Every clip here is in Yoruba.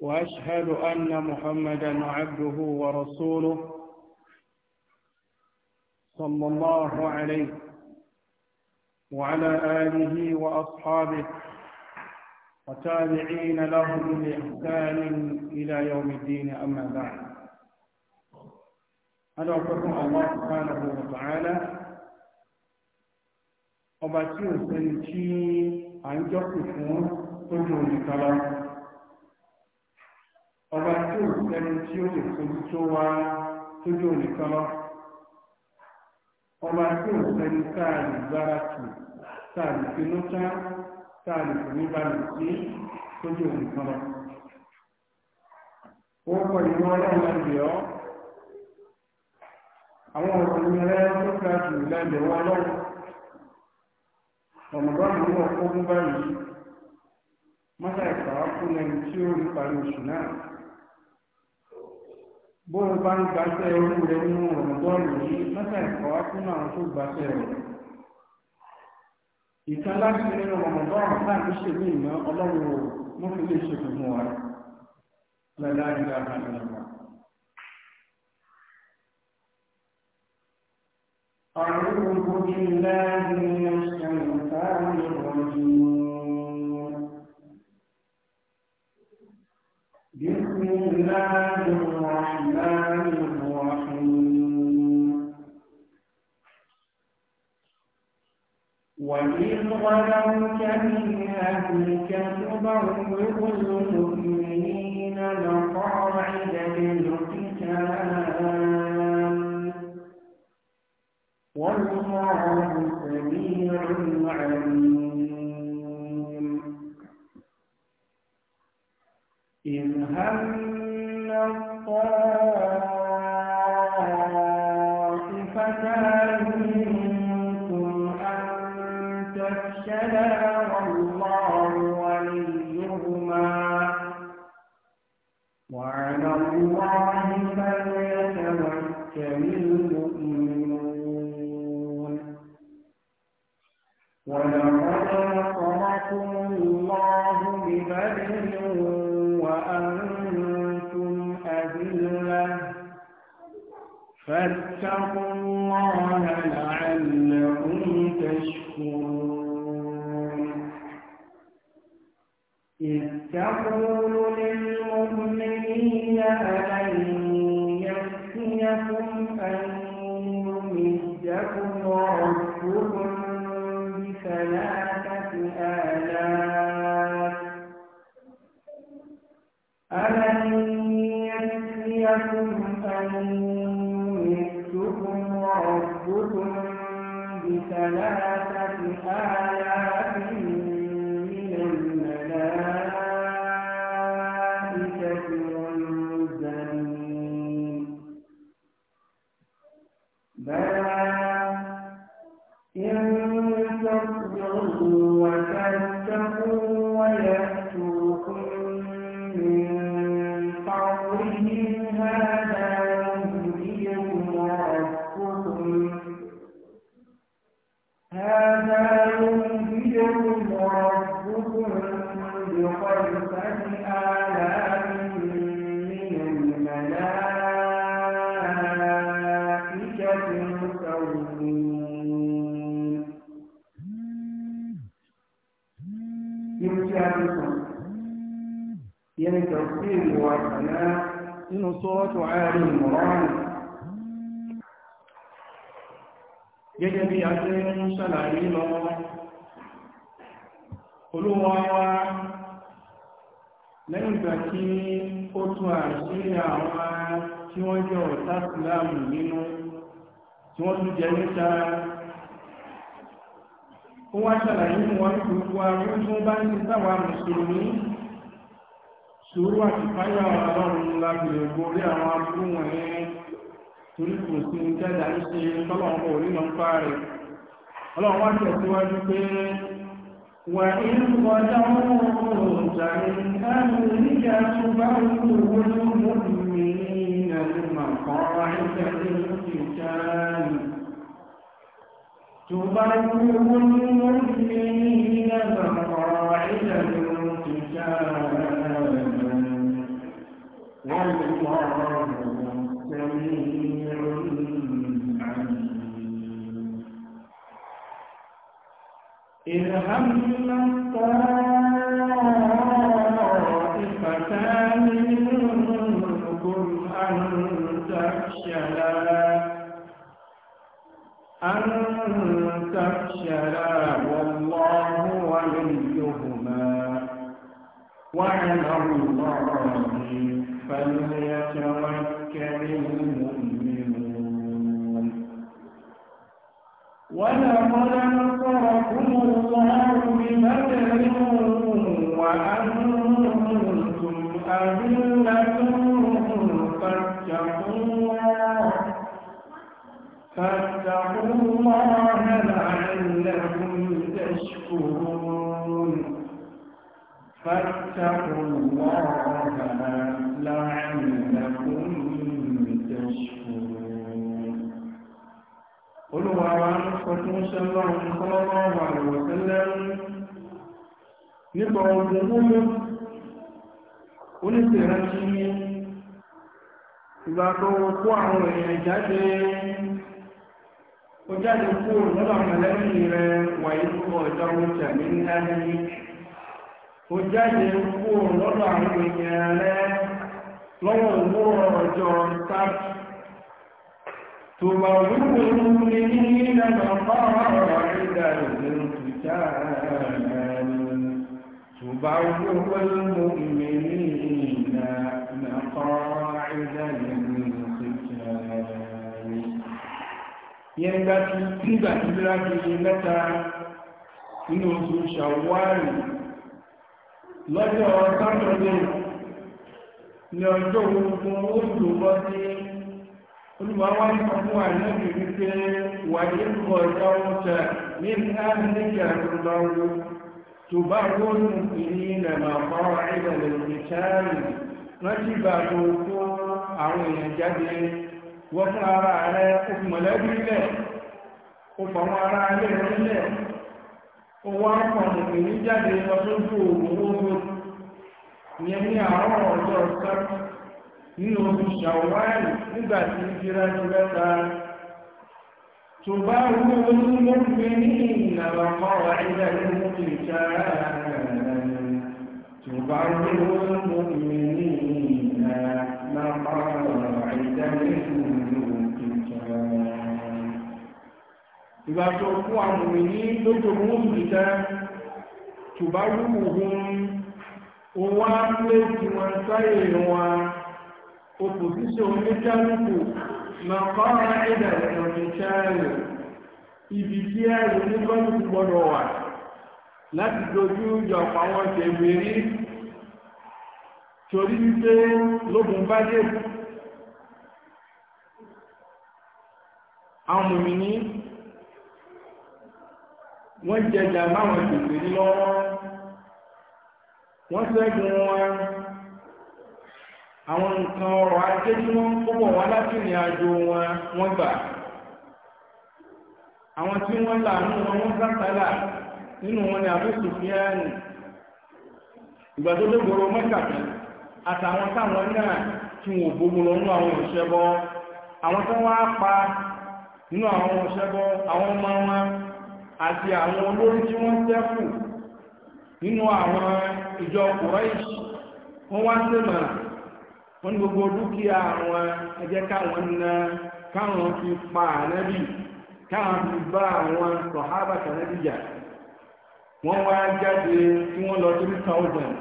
وأشهد أن محمدا عبده ورسوله صلى الله عليه وعلى آله وأصحابه وتابعين لهم بإحسان إلى يوم الدين أما بعد أنا أقول الله سبحانه وتعالى ọba سنتي عن sẹ́ni tí ọba tí ò sẹ́ni tí ó lè fojú tó wá tójú nìkan lọ ọba tí ò sẹ́ni tá a lè gbára tù tá a lè finú tá tá a lè fòmí balẹ̀ sí tójú nìkan lọ. ó kọ ìwọ ọlọ́run lẹ́gbẹ̀ẹ́ ọ́ àwọn ọ̀rọ̀ ìrẹ́ tó ga jù lẹ́gbẹ̀ẹ́ wọn lọ́wọ́ ọ̀mọ̀gbọ́n mi wọ̀ fún báyìí mọ́tà ìpàwọ́ fún ẹni tí ó rí parí oṣù náà bóun bá ń gbaṣẹ́ orí rẹ̀ nínú ọ̀rọ̀dọ́rùn yìí lọ́sẹ̀ ẹ̀kọ́ fún àwọn tó gbaṣẹ́ rẹ̀ ìtàn láti nínú ọ̀rọ̀dọ́rùn láti ṣe ní ìná ọlọ́run ò mú fi lè ṣe fún wa lọ́la ìlà àgbàlagbà. أعوذ بالله من الشيطان الرجيم بسم الله وإذ غلوت من أهلك تبوئ المؤمنين مقاعد للقتال والله سميع عليم إذ هم فاتقوا الله لعلكم تشكرون اتقوا Al-Qur'an gẹ́gẹ́ bí a ti ń ṣàlàyé lọ olúwa wa lẹ́yìn ìgbà tí ó tún àṣírí àwọn tí wọ́n jẹ́ ọ̀tá ìsìláàmù nínú tí wọ́n tún jẹ níta ó wá ṣàlàyé fún wọn gbogbo àwọn tó bá ń sáwà mùsùlùmí sùúrù àti fáyà ọlọ́run láti lè borí àwọn aburú wọ̀nyí torí kò sí ní jáde àìṣe tọ́lọ́run kò rí lọ ń pa rẹ̀ ọlọ́run wá tẹ̀síwájú pé wà inú ọjọ́ ọ̀hún jàre láàrin oníjà tó bá wù owó tó mú mi ní ẹ̀dùnmọ̀ kan àìṣe ní oṣù jáde tó bá wù owó tó mú mi ní ẹ̀dùnmọ̀ kan àìṣe ní oṣù jáde والله سميع عليم إذ هم الطائفتان منكم أن تفشلا أن تفشلا والله وليهما وعلى الله فليتوكل المؤمنون ولقد نصركم الله ببدر وأنتم أذلة فاتقوا الله فاتقوا الله لعلكم تشكرون فاتقوا الله òjíṣẹ́ lọ́run sọ́lọ́rọ̀ àrẹ̀wọ̀ tẹ́lẹ̀ nípa ọdún múlú oníṣẹ́rẹ́ sí ìgbà tó kó àwọn èèyàn jáde ó jáde kó lọ́dọ̀ mọ̀lẹ́bí rẹ̀ wàyí kó ọjọ́ oúnjẹ ní láyé ó jáde kó lọ́dọ̀ àwọn èèyàn rẹ̀ lọ́wọ́ òwúrọ̀ ọjọ́ sáàtì تبرئ المؤمنين مقاعد القتال تبرئ المؤمنين مقاعد القتال yẹnba ti nígbà tí bí láti ṣe mẹ́ta nínú oṣù ṣàwárì lọ́jọ́ sátọ̀dẹ̀ ní ọjọ́ ogun ó dùn bọ́ olùmọ̀wá ń sọ fún àìlẹ́bì wípé wà ní kọ̀ ìdáwọ́ta ní àríkà ìgbàwó tó bá wọ́n ní ilẹ̀ màmá ìdàlẹ̀ ìtàrí rántí bá tó kó àwọn èèyàn jáde wọ́n fún ara rẹ̀ ó fi mọ̀lẹ́bí lẹ̀ ó ara rẹ̀ nílẹ̀ ó wá pọ̀ nìkìní jáde lọ owó ní nínú oṣù ṣàwárì nígbà tí ìjírá ti mẹ́ta tó bá wú olúmọ́gbé ní ìlànà kọ́wà ilẹ̀ ìlú ìjára tó bá wú olúmọ́gbé ní ìlànà kọ́wà ilẹ̀ ìlú ìjára ìgbà tó fún àwọn ènìyàn lójò mú ìjá tó bá wú ohun wá lé tí wọ́n sáyé wọn opposition mẹ́tàlùkù màkàrà ẹ̀dà ìrọ̀lẹ́tàlù ibi tí ẹ̀rù nígbàlù gbọ́dọ̀ wà láti dojú ìjọ àwọn tẹ̀wérí torí wípé lógun bá dé àwọn mòmìnì wọ́n jẹjà máwọn tẹ̀wérí lọ́wọ́ wọ́n ṣẹ́gun wọn. àwọn nǹkan ọrọ̀ ajé tí wọ́n ń kóbọ̀ wá láti ìrìn àjò wọn wọ́n gbà àwọn tí wọ́n láàánú wọn wọ́n sátálà nínú wọn ni àbúsù fíẹ́ẹ̀nì mẹ́kàtà àtàwọn táwọn náà tí wọ́n gbogbo lọ awọn àwọn pa nínú àwọn àwọn ọmọ wọn àti àwọn tí wọ́n nínú àwọn wọ́n gbogbo dúkìá àwọn ẹjẹ́ káwọn ná káwọn fi pa ànábì káwọn fi bá àwọn sọ̀hábà kànábì jà wọ́n wá jáde tí wọ́n lọ three thousand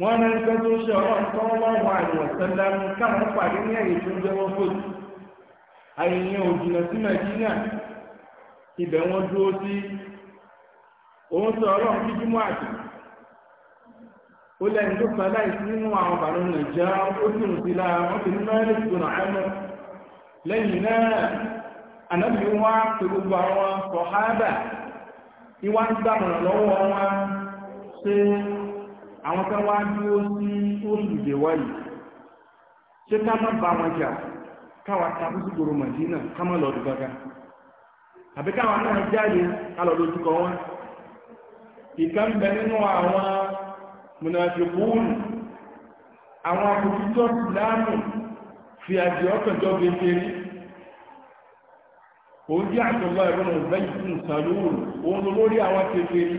wọ́n náà ń gbé ṣe ọ̀rọ̀ tó wọ́n wà àyẹ̀wò sẹ́lá káwọn pàdé ní ẹ̀yìn tó jẹ́wọ́ fòtù àyẹ̀yẹ òjìnà sí nàìjíríà ibẹ̀ wọ́n dúró sí òun sọ ọlọ́run àjò ó lẹ́yìn tó fẹ́ láìsí nínú àwọn bàánú nàìjíríà ó sì ń sí lára wọ́n ti ní mẹ́rin tó nà ẹnu lẹ́yìn náà ànábì wá pé gbogbo àwọn sọ̀hábà tí wá ń dámọ̀ràn lọ́wọ́ wọn ṣe àwọn kan wá dúró sí oṣù ìdèwọ́ yìí ṣé ká má bá wọn jà káwa tàbí sí gbòòrò màdínà ká má lọ́dún gbàgà àbí káwa náà jáde ká lọ́dún ojúkọ wọn ìkan bẹ nínú àwọn munafikun àwọn akòkútọ́ ìsìláàmù fi àjẹ ọ̀tọ̀jọ́ gẹ́gẹ́rí òun jẹ́ àtọ́gbà ìrọ̀nà ìbẹ́yìn sàlúùn òun lórí àwọn kékeré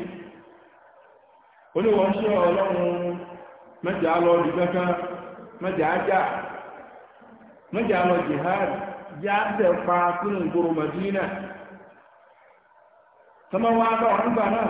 oníwọ̀n ṣe ọlọ́run mẹ́jà lọ dìgbẹ́kan mẹ́jà ájá mẹ́jà lọ jihad yá tẹ̀ pa sínú ìgboro Madina sọmọ wa bá wọn gbà náà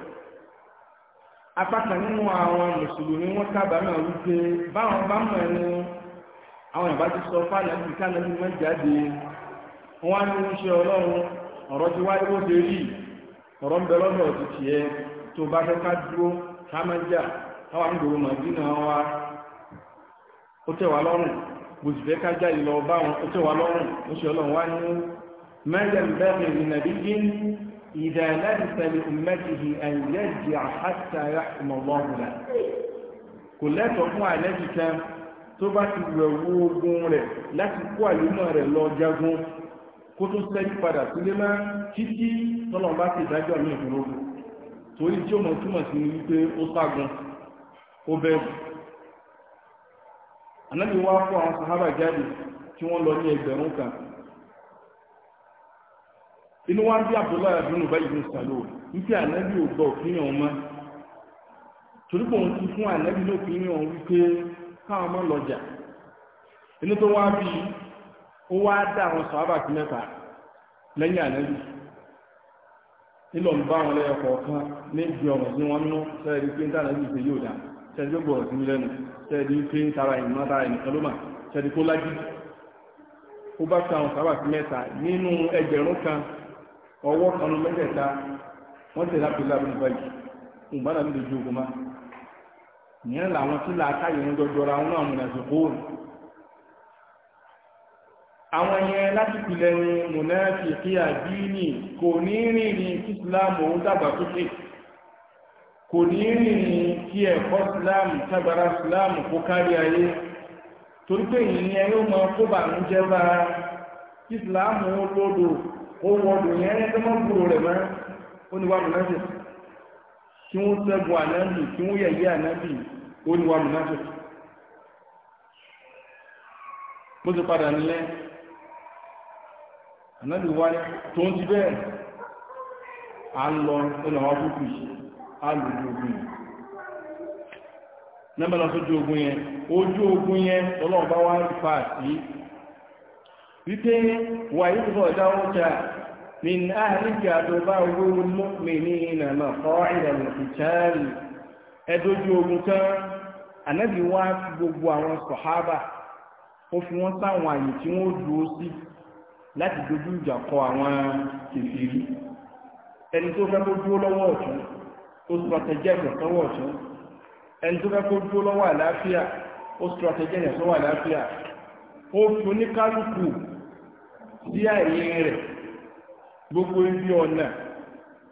Akpa kan nínú àwọn mùsùlùmí wọn kábàámọ̀ wípé báwọn bá mọ̀ ẹnu àwọn ìbá ti sọ fáànà bí kánàbí mọ́ jáde wọn ní ń ṣe ọlọ́run ti wáyé bó ṣe rí ọ̀rọ̀ ń bẹ lọ́dọ̀ ti tiẹ̀ tó bá fẹ́ ká dúró ká má jà káwa ń gbòòrò ó bó ká lọ báwọn ó ó ṣe إذا لبث لأمته أن يرجع حتى يحكم الله له kò lẹ́tọ̀ọ́ fún àlẹ́bí kan tó bá ti wẹ̀wú ogun rẹ̀ láti kó àlùmọ́ rẹ̀ lọ jagun kó tó sẹ́yìn padà sílé máa títí tọ́lọ̀ bá ti dájọ́ ní ìfúnrógún torí tí ó mọ̀ túmọ̀ sí wípé ó ságun ó bẹ̀rù ànábì wá fún àwọn sàhábà jáde tí wọ́n lọ ní ẹgbẹ̀rún kan inú wa ń bí Abdullahi abdul bá yìí ń sàlò wípé ànábì ò gbọ́ òfin ọ̀hún torí pé òun ti fún ànábì ní òfin ọ̀hún wípé káwọn mọ́ lọ́jà inú tó wá bí ó wá dá àwọn sàábà sí mẹ́ta lẹ́yìn ànábì nílò ń bá wọn lẹ́yọ kọ̀ọ̀kan ní ibi wọn nú pé ń yóò pé ń tara tara ló mà ó ọwọ́ kanu mẹ́tẹ̀ẹ̀ta wọ́n tẹ̀lé abdullahi abdul bayi ìgbà náà lè ju ogun ma ìyẹn làwọn tí làákà yẹn dọdọra wọn àwọn ìrìnàjò kóòrò àwọn yẹn láti pilẹ̀ ní mùnáfi kí àdínì kò ní rìn ní kí ìsìláàmù ó dàgbà sókè kò ní rìn ní kí ẹ̀kọ́ ìsìláàmù tágbára ìsìláàmù kó kárí ayé torí pé ìyẹn yóò máa kó bàánú jẹ́ bá ìsìláàmù ó lódò wọ́n wọ́n yẹn tó máa ń gbúrò rẹ̀ mọ́ oníwà mùnáfẹ́ kí wọ́n ṣẹ́gun ànábì kí wọ́n yẹ̀yẹ́ ànábì oníwà mùnáfẹ́ bó ti padà nílẹ̀ ànábì wá tó ń ti bẹ́ẹ̀ à ń lọ àwọn yìí ogun yìí sójú wípé wà ìgbọ̀ dáwọ́ta min áhìríkà tó bá wúrú mọ́kùnmí ìnà mọ̀kọ́ ìlànà ìtàrí ẹdójú ogun tán anábì wá gbogbo àwọn sọ̀hábà ó fi wọ́n sáwọn àyè tí wọ́n dúró sí láti dojú ìjà kọ àwọn kèfèrí ẹni tó fẹ́ kó dúró lọ́wọ́ ọ̀tún ó ọ̀tún ẹni tó fẹ́ kó sí ẹ̀yìn rẹ̀ gbogbo ibi ọ̀nà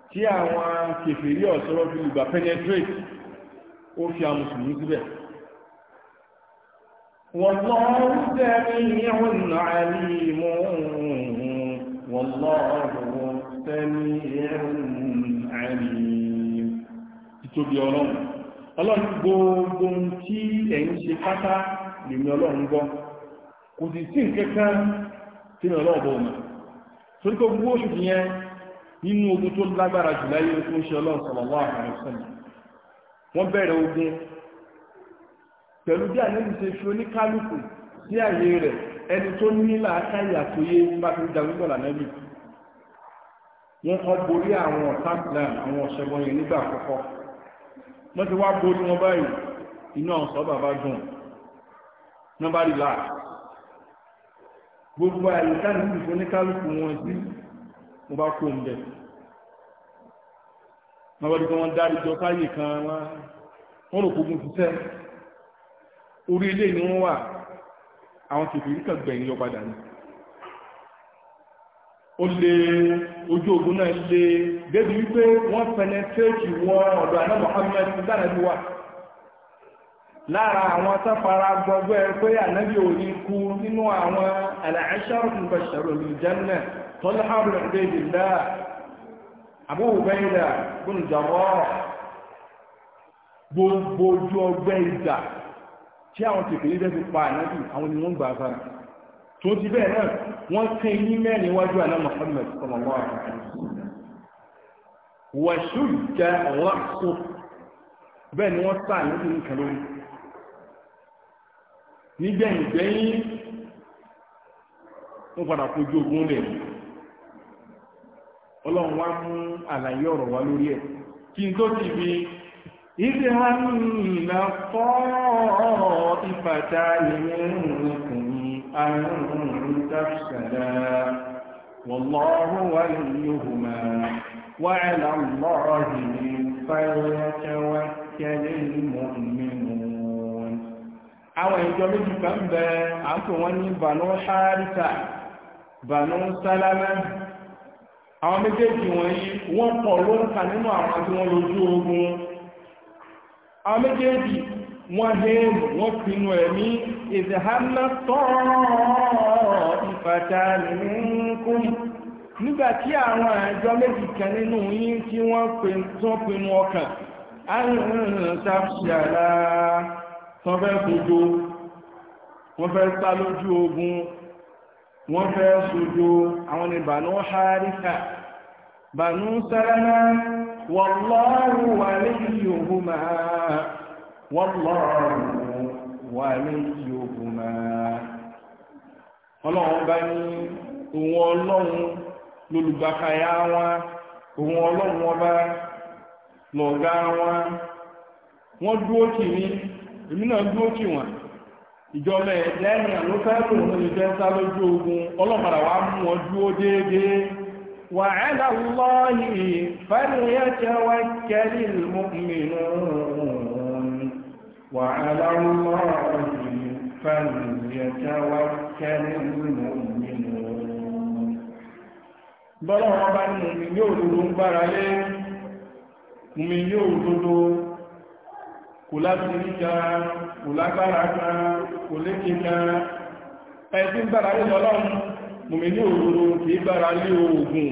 tí àwọn kèfèrí ọ̀sọ́rọ̀ fi ìgbà penetrate ó fi àwọn mùsùlùmí síbẹ̀. والله سميع عليم والله سميع عليم títóbi ọlọ́run ọlọ́run gbogbo tí ẹ̀yin ṣe pátá lèmi ọlọ́run gbọ́ kò sì sí nǹkan kan tí ní ọlọ́ọ̀bọ̀ ọmọ torí kó gbogbo oṣù ti yẹn nínú ogun tó lágbára jù láyé tó ń ṣe ọlọ́run sallallahu alaihi wasallam wọ́n bẹ̀rẹ̀ ogun pẹ̀lú bí àlejò ṣe fi oníkálukú sí àyè rẹ̀ ẹni tó ní làákàyè àtòyé bá fi dàrú gbọ́dà lẹ́bí wọ́n kọ́ borí àwọn ọ̀tá plan àwọn ọ̀ṣẹ́gun yẹn nígbà àkọ́kọ́ wọ́n ti wá borí wọn báyìí inú àwọn bàbá dùn nọ́mbà rìláàsì gbogbo àyíká ní ìfún ní kálùkù wọn sí mo bá kó ń bẹ̀ mọ́bọ̀dé kan wọ́n dárí jọ káyè kan wọ́n rò kógun ti tẹ́ orí ilé ni wọ́n wà àwọn kìfì rí kàgbẹ̀yìn yọ padà ní ó lè ojú ogun náà lè débi wípé wọ́n penetrate wọ́n ọ̀dọ̀ àná Muhammad dára bí wà lára àwọn sáfara gbọgbọ́ ẹ pé ànábì òní kú nínú àwọn al-ashara al-mubashsharun bil jannah Talha ibn Ubaydillah Abu Ubaydah ibn Jarrah gbogbo ojú ọgbẹ́ ìgbà tí àwọn tètè bẹ́ẹ̀ fi pa ànábì àwọn ni wọ́n gbà fara tó ti bẹ́ẹ̀ náà wọ́n kẹ́ ní mẹ́rin wájú àná ọ̀rọ̀ bẹ́ẹ̀ ni wọ́n nígbẹ̀yìn gbẹ̀yìn wọ́n padà kojú ogun lẹ̀ ọlọ́run wá mú àlàyé ọ̀rọ̀ wá lórí ẹ̀ kí n tó ti fi ìdí fọ́ àrùn wà wà àwọn ìjọ méjì kan bẹ à ń pè wọ́n ní bànú ṣáàrìtà bànú sálámà àwọn méjèèjì wọ̀nyí wọ́n pọ̀ lórúkà nínú àwọn tí wọ́n lójú ogun àwọn méjèèjì wọ́n hẹ́ẹ̀mù wọ́n pinnu ẹ̀mí ìdìhánná tọ́ọ̀rọ̀ ìfàtà nìkún nígbà tí àwọn àjọ méjì kan nínú yín tí wọ́n pinnu ọkàn àrùn ṣàfihàn wọ́n fẹ́ gbogbo wọ́n fẹ́ lójú ogun wọ́n fẹ́ sojo àwọn ni bànú harika bànú sálámà wàlọ́rù wà lẹ́yìn ogun máa wàlọ́rù wà lẹ́yìn ogun máa ọlọ́run bá ní òun ọlọ́run lólùgbàkàyà wọn òun ọlọ́run ọba lọ̀gá wọ́n dúró kìíní èmi náà dúró tì wọ́n ìjọba ẹ̀ lẹ́yìn àwọn fẹ́ẹ́rù ní ìjẹ́ sá lójú ogun ọlọ́pàá wa mú wọn dúró déédéé wà á dà lọ́ọ̀yì fẹ́ẹ́rìyẹ́jẹ́ wá kẹ́lí mọ́mìnirún wà á bọ́lá wọn bá ní mùmí yóò ń gbára lé mùmí yóò kò láti kan kò lágbára kan kò lékè kan ẹ̀sìn gbára lé lọ́lọ́run mùmí ní òòrùn kìí gbára lé oògùn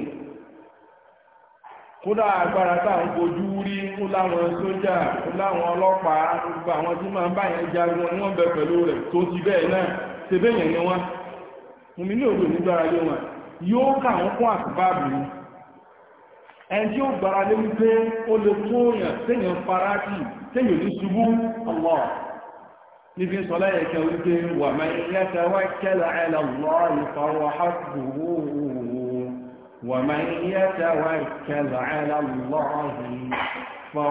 kódà agbára táà ń bojú rí kó láwọn sójà kó láwọn ọlọ́pàá gbogbo àwọn tí máa ń bá yẹn jagun ni wọ́n bẹ pẹ̀lú rẹ̀ tó ti bẹ́ẹ̀ náà ṣe bẹ́ẹ̀ ni wọ́n mùmí òòrùn nígbára lé wọn yóò kà wọ́n kún àkùbá àbúrú ẹni tí ó gbára lé wípé ó lè tó yàn téèyàn fara kì téèyàn ní ṣubú ọlọ́ níbi sọlá yẹ kẹ wípé wà máa ń yẹ kẹ wá kẹlẹ ẹlẹ lọ ìfọwọ́ hàbùwò wà máa ń yẹ kẹ wá kẹlẹ ẹlẹ lọ ìfọwọ́ hàbùwò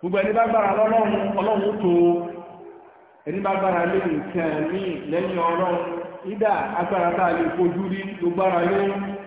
gbogbo ẹni bá gbára lọ́lọ́run ọlọ́run tó ẹni bá gbára lé nǹkan ní lẹ́yìn ọlọ́run ìdá agbára tá a lè fojú rí ló gbára lé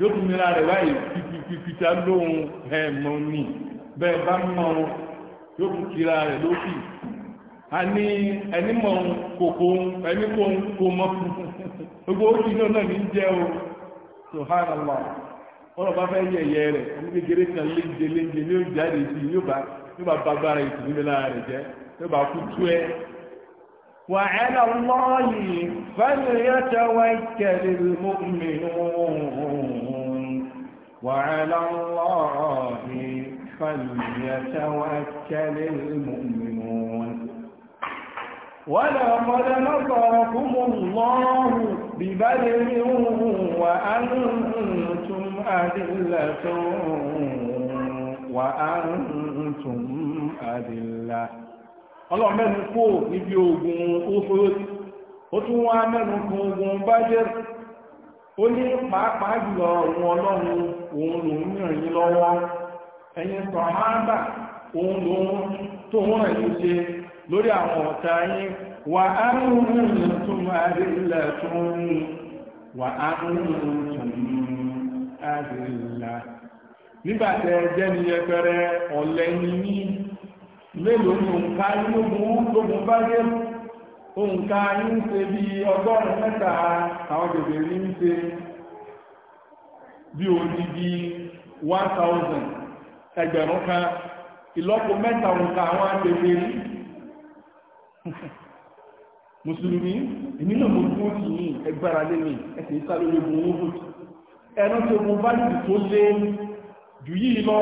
yóò tún mìíràn rẹ̀ báyìí fífífífíta lóhun ẹ̀mọ́ ni bẹ́ẹ̀ bá mọ̀ ọ́n yóò tún kíra rẹ̀ lókì a ní ẹni mọ̀ ọ́n kòkó ẹni kò ń kó mọ́ gbogbo oṣù náà náà ní jẹ́ o subhanallah ọ̀rọ̀ bá fẹ́ وعلى الله فليتوكل المؤمنون وعلى الله فليتوكل المؤمنون ولقد نصركم الله ببدر وأنتم أذلة وأنتم أذلة ọlọ́run mẹ́nu kó níbi ogun ó fòrò ó tún wá mẹ́nu kó ogun bájẹ́rì ó ní pàápàá jùlọ òun ọlọ́run òun lòun ràn yín lọ́wọ́ ẹ̀yin sọ̀háábà òun lòun tó ń ràn ṣe lórí àwọn ọ̀tá yín wà á ń rìn tún àdìlẹ̀ tún wà á ń rìn tún àdìlà nígbàtẹ jẹ́ni yẹpẹrẹ ọ̀lẹ́ni ní mélòó ní òǹkà inú mú lóògùn bá dé nǹkan ayé ń ṣe bí ọgọ́rùn mẹ́ta àwọn bèbè rí ń ṣe bí odidi 1000 ẹgbẹ̀rún kan ìlọ́po mẹ́ta nǹkan àwọn agbègbè rí mùsùlùmí èmi náà mo dúró sí yìí ẹgbára lé mi ẹsẹ̀ ìsáré ogun owó bò ẹnu tí ogun báyìí tó lé jù yìí lọ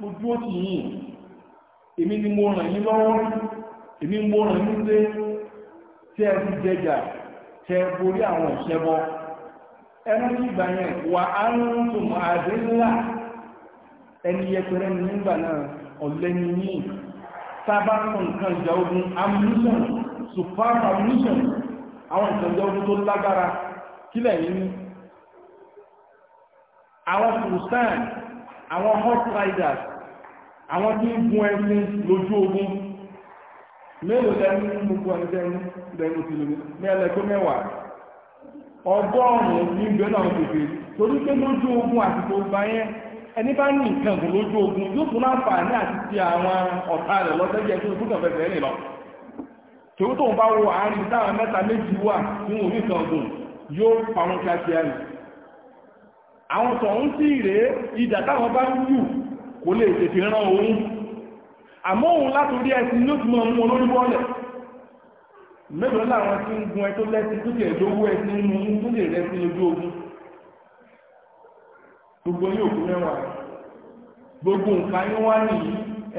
mo dúró sí yìí èmi ni mo ràn yín lọ́wọ́ èmi mo ràn yín lé tẹ́ ẹ fi jẹjà tẹ́ ẹ borí àwọn ìṣẹ́bọ ẹnu ní ìgbà yẹn wà á ń tún àdé ńlá ẹni yẹpẹrẹ ní nígbà náà ọ̀lẹ́ni yìí sábà ń sọ nǹkan ìjà ogun ammunition super ammunition àwọn nǹkan ìjà ogun tó lágbára kílẹ̀ yìí ní àwọn kùsàn àwọn hot riders àwọn tí ń gun ẹṣin lójú ogun mélòó lẹ́nu gbogbo ẹ̀dẹ́nu lẹ́nu tìlómi ní ẹlẹ́gbẹ́ mẹ́wàá ọgọ́rùn-ún ní ìgbẹ́ náà tètè torí pé lójú ogun àsìkò ọgbà yẹn ẹni bá ní nǹkan kò lójú ogun yóò tún láǹfààní àti ti àwọn ọ̀tá rẹ̀ lọ́sẹ́jẹ́ tó tún kàn fẹsẹ̀ rìn lọ tòun tóun bá wo àárín táwọn mẹ́ta méjì wà tí wọn ò ní nǹkan ọ̀gùn yóò pa wọn kíákíá nì àwọn tọ̀hún sí ìrèé ìdà táwọn bá ń jù kò lè tètè rán òun àmọ́ òun láti orí ẹ̀sìn ló ti mọ̀ mú olórí bọ́ọ̀lẹ̀ mẹ́lọ láwọn tí ń gun ẹ̀tọ́ lẹ́sìn tó kẹ̀ lówó ẹ̀sìn inú ń tó lè rẹ́sìn lójú ogun gbogbo yóò kú mẹ́wàá gbogbo nǹkan yín wá nìyí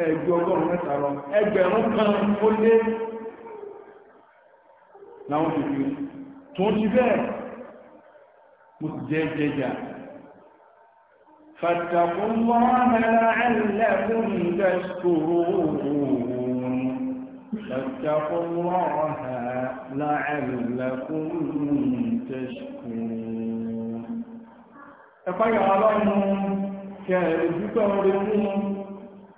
ẹ̀jọ ọgọ́rùn-ún mẹ́ta lọ ẹgbẹ̀rún kan ó lé láwọn tòbí tó ti bẹ́ẹ̀ mo sì jẹ́ jẹjà فاتقوا الله لعلكم تشكرون فاتقوا الله لعلكم تشكرون أفيعلمهم كيف تعرفون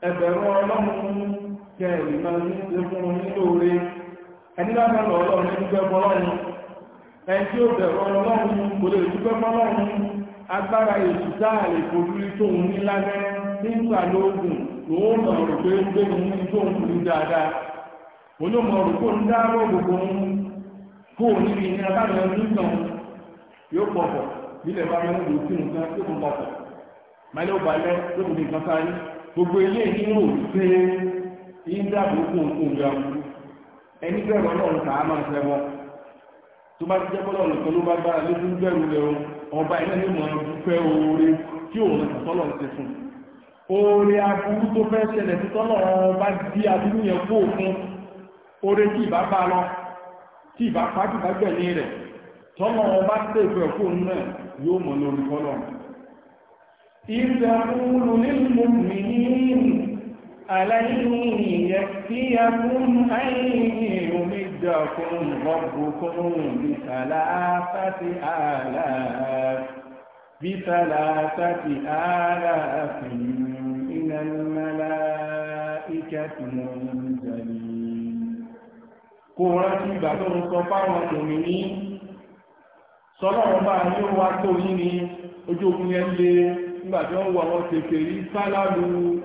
أفيعلمهم كلمة يكون يدوري أن لا تنظر الله يجب أن يكون يدوري أن agbára èsì táàlè kò rí tóun ní lábẹ́ nígbà lóògùn lòun mọ̀ rò pé ń gbé òun ní tóun kò ní dáadáa òun ló mọ̀ rò pé ń dá lóògùn òun kó òun níbi ní abáyọ nìkan yóò pọ̀pọ̀ nílẹ̀ bá yọ lòun tí òun kan yóò kún pọ̀pọ̀ máyọ̀ balẹ̀ yóò kún nìkan sáré gbogbo ilé yìí ń rò pé ń dáàbò kún òun ga ẹni bẹ̀rù ọlọ́run kà á máa fẹ́ wọn tó bá ti jẹ́ bọ́lọ́run ọba iná ní mọ̀ dúpẹ́ oore tí òun náà tọ́lọ̀ ń ṣe fún oore aburú tó fẹ́ ṣẹlẹ̀ tí tọ́lọ̀ ọba di aburú yẹn kó fún oore tí ìbá bá lọ tí ìbá pàtó bá gbẹ̀lé rẹ̀ tọ́lọ̀ ọba tẹ̀ ìfẹ́ fún náà yóò mọ̀ lórí tọ́lọ̀ ìfẹ́ kúrú nínú mùmìnì ألن يكفيكم أن يمدكم ربكم بثلاثة آلاف بثلاثة آلاف من الملائكة منزلين قرة بدر صفا ومؤمنين صلى الله عليه وسلم ojú ogun yẹn lé nígbà tí wọ́n wọ àwọn kèké yìí sáláàlú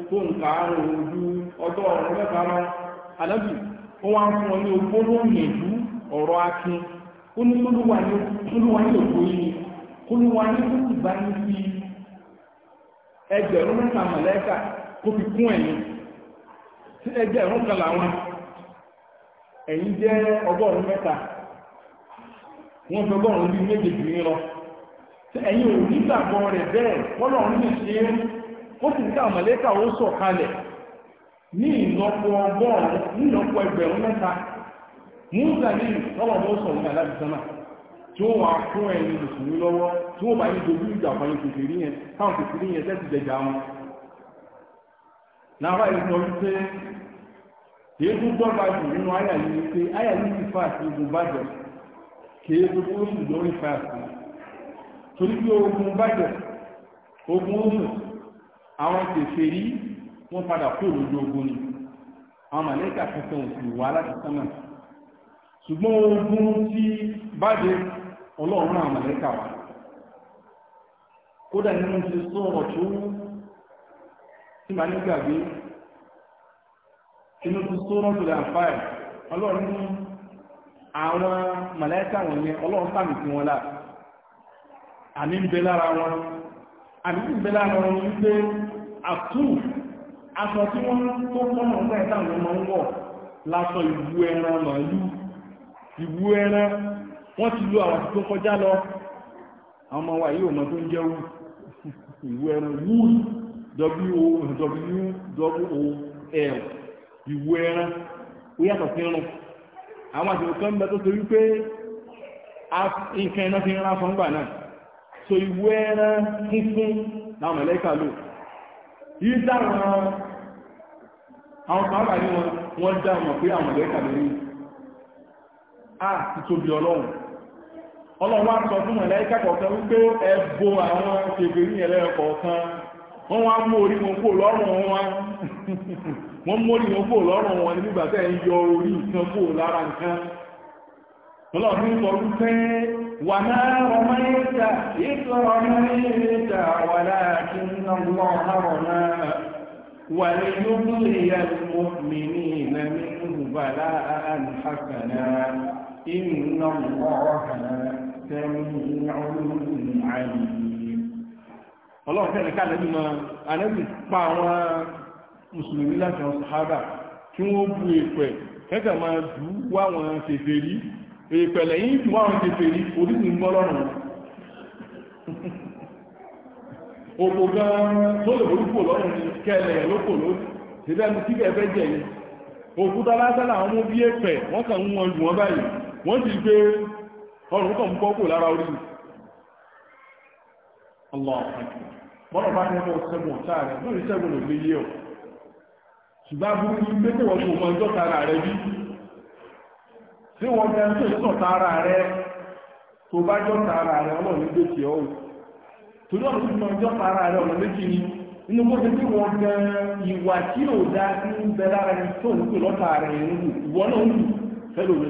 tó nǹkan àrùn ojú ọjọ́ ọ̀rọ̀ mẹ́ta rán alábì ó wá ń fún ọ ní ogbólóhùn èdú ọ̀rọ̀ akin ó ní kúlúwa ní yìí kúlúwa ní kúlù bá ní fi ẹgbẹ̀rún mẹ́ta kó fi kún ẹ̀yìn tí ẹgbẹ̀rún kan làwọn ẹ̀yìn jẹ́ ọgọ́rùn-ún mẹ́ta wọ́n ní lọ ẹ̀yin ò nígbàgbọ́ rẹ̀ bẹ́ẹ̀ wọ́lọ̀ ń lè ṣe é ó sì ní káwọn mọ̀lẹ́kà ó sọ̀ kalẹ̀ ní ní ẹgbẹ̀rún mẹ́ta bó sọ̀ ní tí ó wà fún ẹ̀yin mùsùlùmí lọ́wọ́ tí ó bá yín dojú ìjà fún ẹ̀yin kòkèrè yẹn táwọn kòkèrè yẹn tẹ́sí jẹjà wọn. lára ìsọ wípé kéékù dọ́gba jù nínú àyà yìí àyà yìí ti fa àti ìgbò bàjẹ́ kéékù ó sì lórí fa torí pé ogun bàjẹ́ ogun ogun àwọn tèfè rí wọ́n padà kó lójú ogun ni àwọn màlẹ́kà kankan ò sì wá láti sánà ṣùgbọ́n ogun tí bàjẹ́ ọlọ́run àwọn màlẹ́kà wà kódà nínú ti sọ̀rọ̀ tó tí màá nígbàgbé inú ti sọ̀rọ̀ tó dàǹfàì ọlọ́run àwọn màlẹ́kà wọ̀nyẹn ọlọ́run sàmì sí wọn láti àní ń bẹ lára wọn àní ń bẹ lára wọn wípé àtú aṣọ tí wọ́n tó kọ́nà ọgbà ẹ̀ta àwọn ọmọ ń wọ̀ lásọ ìwú ẹran màálù ìwú ẹran wọ́n ti lo àwọn tó kọjá lọ àwọn ọmọ wa yìí ò mọ tó ń jẹ́ wù ìwú ẹran wúù w-o-l ìwú ẹran ó yàtọ̀ sí irun àwọn àti òkan bẹ tó torí pé nǹkan iná fi ń rán fún gbà náà so ìwé ẹran funfun láwọn mẹ̀lẹ́kà lò yìí dáwọn àwọn pàápàá ní wọn wọ́n dá wọn pé àwọn mẹ̀lẹ́kà lórí à ti tóbi ọlọ́run ọlọ́run wá sọ fún mẹ̀lẹ́kà kọ̀ọ̀kan wípé ẹbọ àwọn kèfè ní ẹlẹ́yọ kọ̀ọ̀kan wọ́n wá mú orí wọn kó lọ́rùn wọn wọ́n mú orí wọn kó lọ́rùn wọn nígbà tẹ́ ń yọ orí nǹkan kó lára nǹkan ọlọ́run sọ wípé وما رميت إذ رميت ولكن الله رمى وليبلي المؤمنين منه بلاء حسنا إن الله سميع عليم ọlọ́run fẹ́rẹ̀ ká lẹ́bí ma anẹ́bì pa àwọn mùsùlùmí láti àwọn sàhábà kí wọ́n bú èpẹ̀ kẹ́kẹ̀ máa dùú wá wọn ṣèfèrí ìpẹ̀lẹ̀ yìí fi wọ́n ti fèrí orísun gbọ́lọ́rùn òpò gan-an tó lè borúkú lọ́rùn ni kẹlẹ̀ lókò ló ti dẹ́nu tí kẹfẹ́ jẹ yìí òkúta lásánà àwọn mú bí èpẹ̀ wọ́n kàn ń wọn jù wọ́n báyìí wọ́n ti gbé ọrùn kàn ń bọ́ kò lára orí bọ́lọ̀ bá tẹ́lẹ̀ sẹ́gun ọ̀tá rẹ̀ lórí sẹ́gun lè gbé yé ọ̀ ṣùgbọ́n aburú ní pé kò wọ́n kò mọ ẹjọ́ tara rẹ̀ bí tí wọ́n jẹ́ tó sọ̀ tààrà rẹ tó bá jọ tààrà rẹ ọlọ́run gbé tì ọ́ torí ọ̀rọ̀ tó máa jọ tààrà rẹ ọ̀nà méjì ni inú bó ṣe tí wọ́n gan ìwà tí ò dá sí ń bẹ lára ẹni tó ń pè lọ́tà rẹ̀ ń wù ìwọ náà ń wù fẹ́lẹ̀ òwe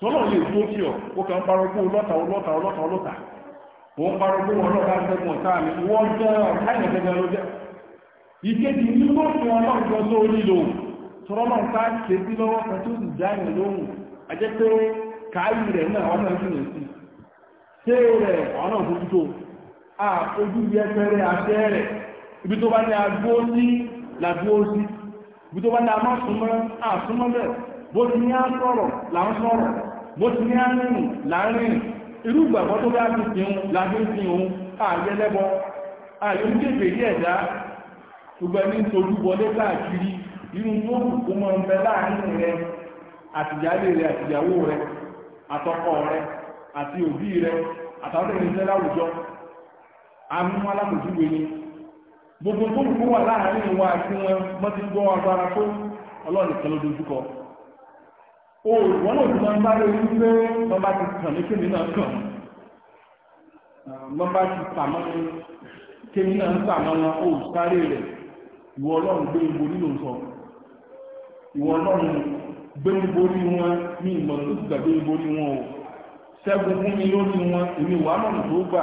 tọ́lọ̀ lè tó kí ọ ó kàn parọ́ pé ọlọ́tà ọlọ́tà ọlọ́tà ọlọ́tà wọ́n parọ́ pé wọn lọ́tà gbẹ̀gbọ̀n sáà tọ́rọ́mọ̀ ká ṣe sí lọ́wọ́ kan tó sì dá ìrìn lóhùn ajẹ́ pé káàyè rẹ̀ náà wọ́n náà jùlọ sí ṣé rẹ̀ àwọn náà fojú tó a ojú yẹpẹrẹ àṣẹ rẹ̀ ibi tó bá ní agbó sí làgbó sí ibi tó bá ní amọ́ súnmọ́ àsúnmọ́ bẹ̀ bó ti ní àsọ̀rọ̀ là ń sọ̀rọ̀ bó ti ní àrìnrìn là irú ìgbàgbọ́ tó bá ti fi hun là ń fi hun àyẹlẹ́bọ àyọ̀mí kéfèé ẹ̀dá gbogbo ẹni ń tojú wọlé káàkiri irú tó kù kó mọ ń bẹ láàrin rẹ àtìyálé rẹ àtìyàwó rẹ àtọkọ rẹ àti òbí rẹ àtàwọn ènìyàn ìṣẹ́ láwùjọ amú alámòjúwe ni gbogbo tó kù wà láàrin wa àti wọn mọ́tí gbọ́ agbára tó ọlọ́ọ̀nìkan ló dojúkọ òòrùn náà ti máa ń bá lórí pé wọ́n bá ti kàn ní kémi náà kàn wọ́n bá ti pàmọ́ ní kémi náà ń pàmọ́ wọn ó sáré rẹ̀ ìwọ ọlọ́run gbé ibo nílò sọ ìwọ ọlọ́run gbẹ̀míborí wọn ní ìmọ̀ tó gbà gbẹ̀míborí wọn o ṣẹ́gun fún mi lórí wọn èmi wà lọ́nà tó gbà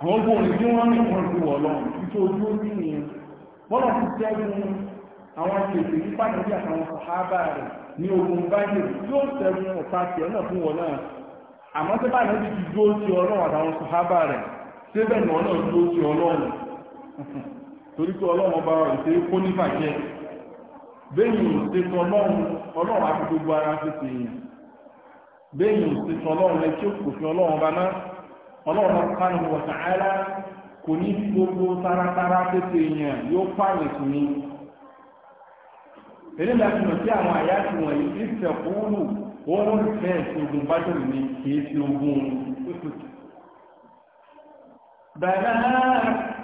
àwọn obìnrin tí wọ́n ní wọn ti wọ̀ lọ́run títí ojú orí nìyẹn bọ́lá ti ṣẹ́gun àwọn kèsè ní pàtàkì àtàwọn sàhábà rẹ̀ ní ogun báyìí yóò ṣẹ́gun ọ̀tá tiẹ̀ náà fún wọn náà àmọ́ tí báyìí ti dúró sí ọlọ́run àtàwọn sàhábà rẹ̀ síbẹ̀ náà náà dúró sí ọlọ́run torí pé ọlọ́run ọba ìṣeré kó nífàjẹ́ bẹ́yìn òṣèṣọ ọlọ́run ọlọ́run àti gbogbo ara ti ti èèyàn bẹ́yìn òṣèṣọ ọlọ́run ẹ tí ó kò ọlọ́run bá ná ọlọ́run ní fi gbogbo ti ti yóò pààyàn sí ni. èyí mọ̀ àyà tí wọ́n yìí ti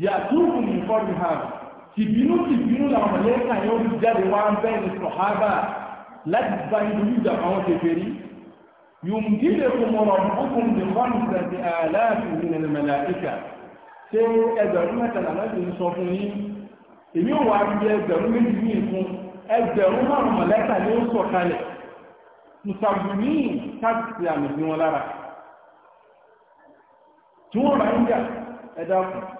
yàtúùkù nìkan ní ha tìbínú tìbínú làwọn mọ̀lẹ́kà yóò fi jáde wá ń bẹ́ẹ̀ ní sọ̀hábà láti bá inú ìjà àwọn kékeré yumdidukum rabbukum bi khamsati alafin min al-mala'ika ṣé ẹgbẹ̀rún mẹ́ta làwọn ti ń sọ fún yín èmi ò wá bí ẹgbẹ̀rún méjì ní ìfún ẹgbẹ̀rún márùn mọ̀lẹ́kà ni ó sọ kalẹ̀ mùsàbùmí káàkiri àmì sí wọn lára tí wọ́n bá ń jà ẹ dákun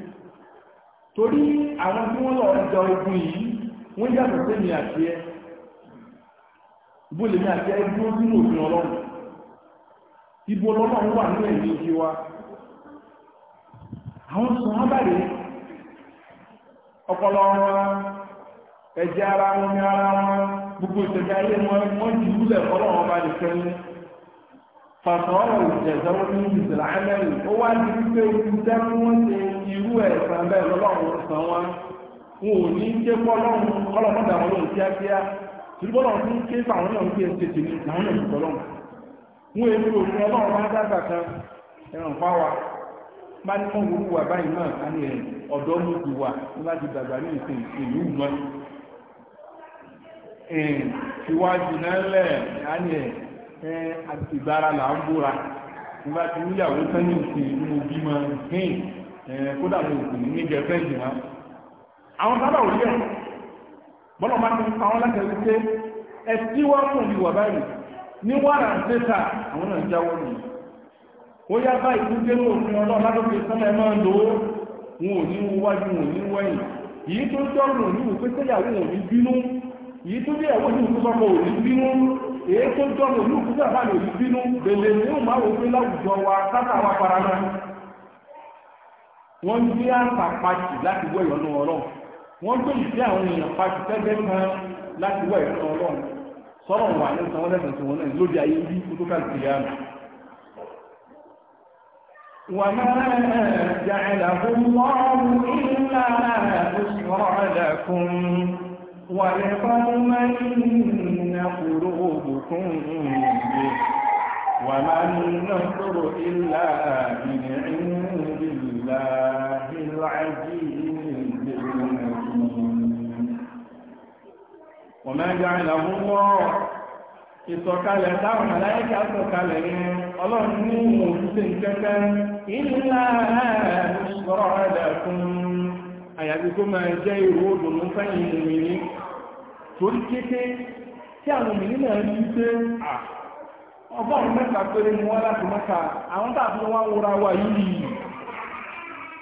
torí àwọn tí wọ́n lọ ọjọ́ ogun yìí wọ́n yàtọ̀ sẹ́mi àti ẹ ibo lèmi àti ẹ dúró sínú òfin ọlọ́run ibo ọlọ́run wà nínú ẹ̀mí ìṣe wa àwọn sùn wọn bàdé ọpọlọ wọn ẹ̀jẹ̀ ara wọn ní ara wọn gbogbo ìṣẹ̀dá ayé wọn wọn jù ú lẹ̀ fọlọ́wọn bá lè fẹ́ fàtọ́rọ̀ ìjẹ̀dọ́ ní ìsìlá ẹlẹ́rìn ó wá ní wípé ìjẹ́ kí wọ́n ṣe irú ẹ̀sán bẹ́ẹ̀ lọ́lọ́run san wọn wọn ò ní ké kọ́lọ́run kọ́lọ́mọ́dà wọn lòun kíákíá tìrúbọ́lọ́ ní ké fàwọn náà ń ké tètè ní làwọn náà ń wọn èmi ò fún ọlọ́run bá dàgbà kan ẹ̀ràn fá wa bá ní wọ́n wúrú wa báyìí náà á ní ọ̀dọ́ mú ti wà láti dàgbà ní ìsìn ìlú mọ́ ìwádìí náà lẹ̀ á ní ẹ̀rìn ìgbára là ń búra nígbà tí wíyàwó tán ní ìsìn ìlú mo bí mọ hìn kódà mo kò ní ní gẹ̀ẹ́fẹ́ jù wọn. àwọn sábà ò yẹ bọ́lá máa ń pa wọn láti ẹni pé ẹ tí wọ́n fún ìwà báyìí ní wàrà ń tẹ́ta àwọn náà jáwọ́ nìyí ó yá báyìí tó dé lóòfin ọlọ́run ládókè sọ́lẹ̀ máa lò ó wọn ò ní wájú wọn ò ní wẹ̀yìn yìí tó dọ́rùn ní òpé sẹ́yàwó wọn ò ní bínú yìí tó dé ẹ̀wọ́ ní òpé sọ́kọ̀ èyí tó jọ mọ̀ ní òkúta sáàlì òbí bínú bèlè ní ó máa wọ́pẹ́ láwùjọ wa sáta wa fara náà wọ́n gbé àṣà pàtì láti wọ́ ìyọ́nú ọlọ́run wọ́n gbé ìfẹ́ àwọn èèyàn pàtì tẹ́gbẹ́ kan láti wọ́ ìyọ́nú ọlọ́run sọ́rọ̀ wà ní sanwó lẹ́sìn tí wọ́n náà lóde ayé bí kó tó káàkiri yára وما جعله الله إلا بشرى لكم ولتطمئن قلوبكم به وما النصر إلا من عند الله العزيز الحكيم وما جعله الله ìsọ̀kalẹ̀ táwọn aláìkà sọ̀kalẹ̀ yẹn ọlọ́run ní òun ṣe ń kẹ́kẹ́ ìlànà ìṣọ́rọ̀ ẹ̀dẹ̀kùn àyàbí kó máa jẹ́ ìwò òdòdó fẹ́yìn ìrìnrìn torí kété tí àwọn òmìnir náà rí pé à ọgọ́rùn mẹ́ta péré ni wọ́n láti mẹ́ta àwọn tàbí wọ́n wúra wà yìí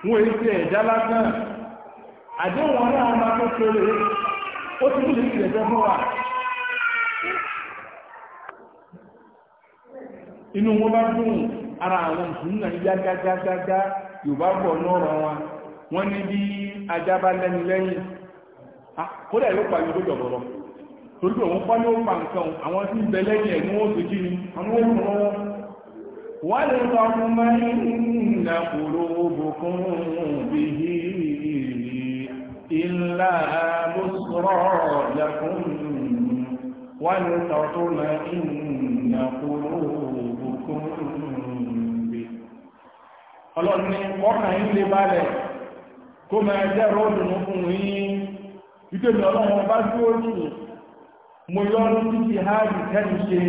wọ́n èyí tẹ̀ ẹ̀dá lásán àdéhùn ọ̀rẹ́ àwọn máa tó péré ó ti ní ìrìnlẹ̀ jẹ́ fún wa inú wọn bá dùn ara àwọn ìṣúná yá gágágágá Yorùbá bọ̀ náà wọn wọ́n ní bí ajá bá lẹ́nu lẹ́yìn ah, kódà ló pàlú tó jọ̀bọ̀rọ̀ torí pé òun pọ́n ní ó pa nǹkan àwọn tí ń bẹ lẹ́yìn ẹ̀ ní jí ni àwọn ó kún lọ́wọ́ wọ́n lè sọ fún mẹ́rin nà kúrò bùkún bí ilá mùsùlọ́ lẹ́kùn wọ́n lè sọ fún mẹ́rin nà kúrò bùkún bí ọlọ́ni ọkàn yín lè balẹ̀ kó máa jẹ́rọ òdùnú fún yín wípé mi ọlọ́run bá dúró ní mo yọ ní ha háàdì tẹ́lì ṣe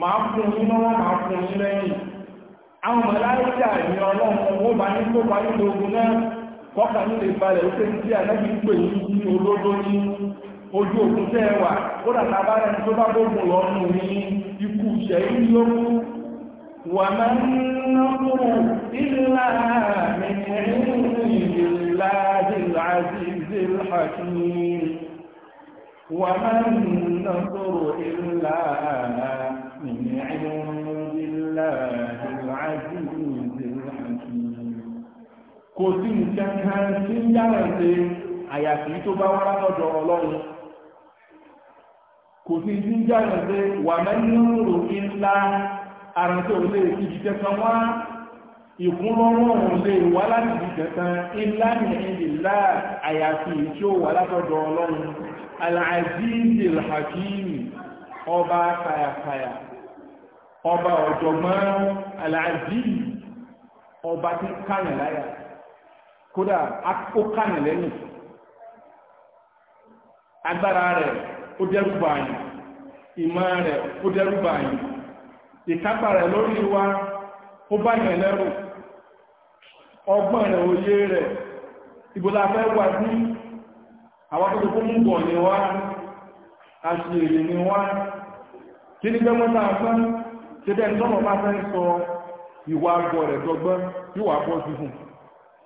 máa fún yín lọ́wọ́ máa fún yín lẹ́yìn àwọn mọ̀láyíkà ní ọlọ́run owó bá ní tó bá náà kọ́kà ní lè balẹ̀ àlẹ́bí ní olódó ní ojú tó bá gbógun ikú وما النصر إلا من عند الله العزيز الحكيم وما النصر إلا من عند الله العزيز الحكيم kò sí nǹkan kan tí ń yára ṣe àyàfi tó bá wá lọ́dọ̀ ọlọ́run kò sí nǹkan tí ń yára ṣe wà mẹ́rin rò kí ńlá àrùn tí lè ibi kẹta wá ìkúnlọ́rùn òun lè wá láti ibi kẹta ilá ní àyàfi tí ó wà látọ̀dọ̀ ọlọ́run aláàzíìsì alhakimi ọba kayakaya ọba ọ̀jọ̀gbọ́n aláàzíì ọba tí kàyàn láyà kódà ó kàyàn lẹ́nu agbára rẹ̀ ó dẹ́rù ìmọ̀ rẹ̀ ó ìkápá rẹ̀ lórí wa ó bá yẹn lẹ́rù ọgbọ́n rẹ̀ òye rẹ̀ ìbòlá fẹ́ wà ní àwọn tó tó mú bọ̀ ní wá aṣèrè ní wá kí ní gbẹ́mọ́ náà fẹ́ ṣe bẹ́ẹ̀ tọ́mọ̀ bá fẹ́ sọ ìwà àgbọ̀ rẹ̀ dọ́gbọ́n yíwà bọ́ sí fún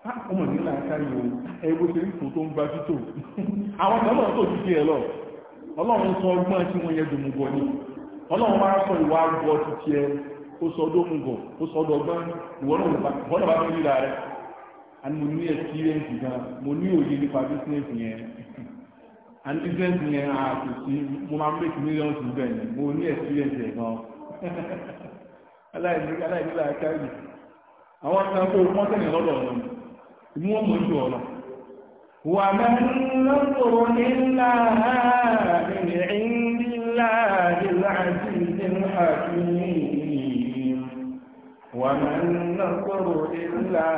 ah, ọmọ ní láàkárí o ẹgbẹ́ tó ń tó ń gba títò àwọn kan tó ti di ẹ̀ lọ ọlọ́run sọ ọgbọ́n tí wọ́n yẹ dùnmùgọ̀ ni ọlọ́run máa sọ ìwà àgbọ̀ títí ẹ kó sọ dómùgọ̀ kó sọ dọgbọ́n ìwọ́n bá fi ríra rẹ̀ and mo ní experience gan mo ní òye nípa business yẹn and business yẹn àti sí mo máa make millions níbẹ̀ ni mo ní experience yẹn gan aláìníla káyì àwọn kan tó wọ́n tẹ̀lé lọ́dọ̀ ọ̀nà ìmú wọn mọ̀ ju ọ̀nà. wàmẹ́ ń lọ́kùnrin ńlá ní ìrìn الله العزيز الحكيم إلا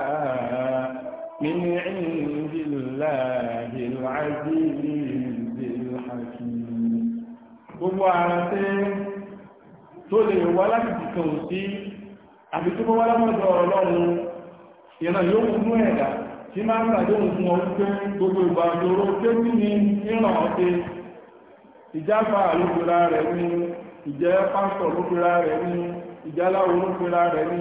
من عند الله العزيز الحكيم gbogbo ara tó lè wá láti sí àbí tó wá ìrìnà yóò mú ẹ̀dà tí máa ń òun fún pé gbogbo ìgbà ìjábà ló pera rẹ̀ ní ìjẹ́ pásítọ̀ ló pera rẹ̀ ní ìjáláwo ló pera rẹ̀ ní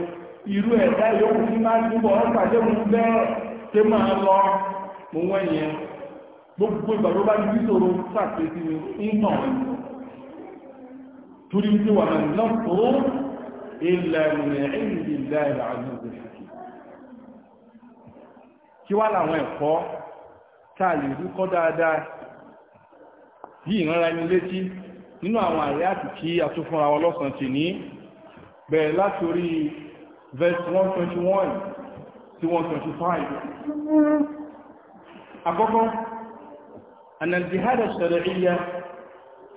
irú ẹ̀dá yòówù ní máa ń túbọ̀ ọ́ pàdé mú bẹ́ẹ̀ ṣé máa lọ mo wọ́n yẹn gbogbo ìgbà tó bá ní ìṣòro sàkíyèsí mi ń tàn ẹ̀ torí wípé wà náà tó ilẹ̀ ìrìn ìlẹ̀ ìlànà ìṣèkì kí wá làwọn ẹ̀kọ́ tá a lè rí kọ́ dáadáa bí ìrànra ẹni létí nínú àwọn àrẹ àti kí a tún fúnra wọn lọ́sàn ti ní bẹ̀rẹ̀ láti orí verse 121 sí 125 àkọ́kọ́ anàlìjìhádà ṣẹ̀rẹ̀ ìyá